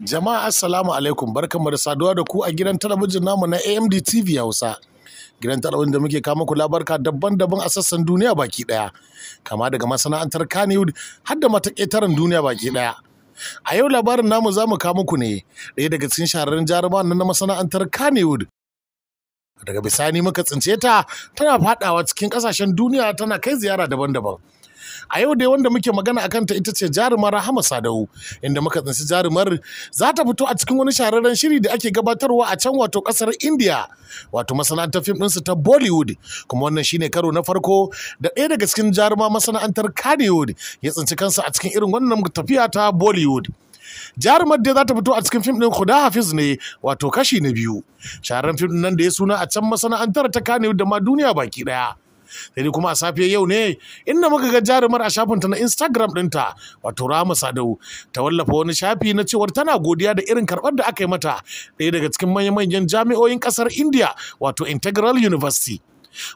Jama'a assalamu alaikum barkanmu da saduwa da ku a gidan talabijin namu na AMD TV Hausa. Gidan talabijin da muke kama ku labarka daban-daban a sassan duniya baki daya. Kama daga masana'antar Kannywood har da mataketaren duniya baki daya. A yau labarin namu za mu kama ku ne ɗaya daga cikin shahararren jarumawa na masana'antar Kannywood daga bisani muka tsince ta tana fadawa cikin kasashen duniya tana kai ziyara daban-daban a yau dai wanda muke magana a kanta ita ce jarumar rahama sadau inda muka tsinci jarumar za ta fito a cikin wani shahararren shiri da ake gabatarwa a can wato kasar india wato masana'antar fim ɗinsu ta bollywood kuma wannan shine karo na farko da ɗaya daga cikin jaruma masana'antar kanewood ya tsinci kansa a cikin irin wannan tafiya ta bollywood jarumar dai za ta fito a cikin fim ɗin Huda Hafiz ne wato kashi na biyu sharan fim nan da ya suna a can masana'antar ta kane da ma duniya baki ɗaya sai kuma a safiyar yau ne inda muka ga jarumar a shafin ta na instagram ɗinta wato rama sadau ta wallafa wani shafi na cewar tana godiya da irin karɓar da aka yi mata ɗaya daga cikin manyan jami'o'in ƙasar india wato integral university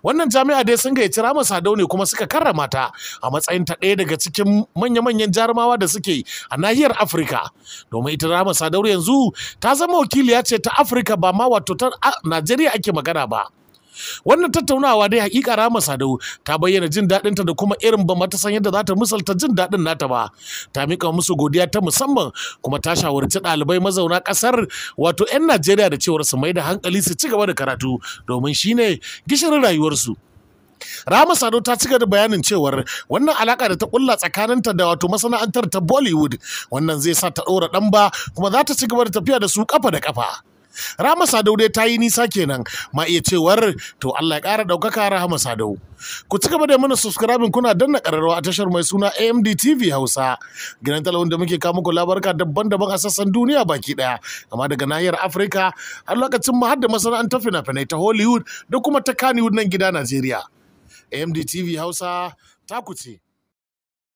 wannan jami'a dai sun gayyaci Rama Sadau ne kuma suka karrama ta a matsayin ta ɗaya daga cikin manya-manyan jarumawa da suke a nahiyar Afirka domin ita Rama Sadau yanzu ta zama wakiliya ce ta Afirka ba ma wato ta Najeriya ake magana ba wannan tattaunawa dai hakika Rama Sadau ta bayyana jin daɗin ta da kuma irin ba mata san yadda za ta misalta jin daɗin nata ba ta mika musu godiya ta musamman kuma ta shawarci ɗalibai mazauna ƙasar wato 'yan Najeriya da cewar su mai da hankali su ci gaba da karatu domin shine gishirin rayuwarsu Rama Sado ta ci da bayanin cewar wannan alaka da ta kulla tsakaninta da wato masana'antar ta Bollywood wannan zai sa ta ɗora ɗan ba kuma za ta ci gaba da tafiya da su kafa da kafa. Rama Sadau dai ta yi nisa kenan ma iya cewar to Allah ya ƙara ɗaukaka Rahama Sadau. Ku ci gaba da mana subscribing kuna danna ƙararrawa a tashar mai suna AMD TV Hausa. Gidan talabijin da muke kawo muku labarka daban-daban a sassan duniya baki ɗaya. Kama daga nahiyar Afirka har lokacin mu har masana'antar fina-finai ta Hollywood da kuma ta Kannywood nan gida Najeriya. AMD TV Hausa ta kuce ce.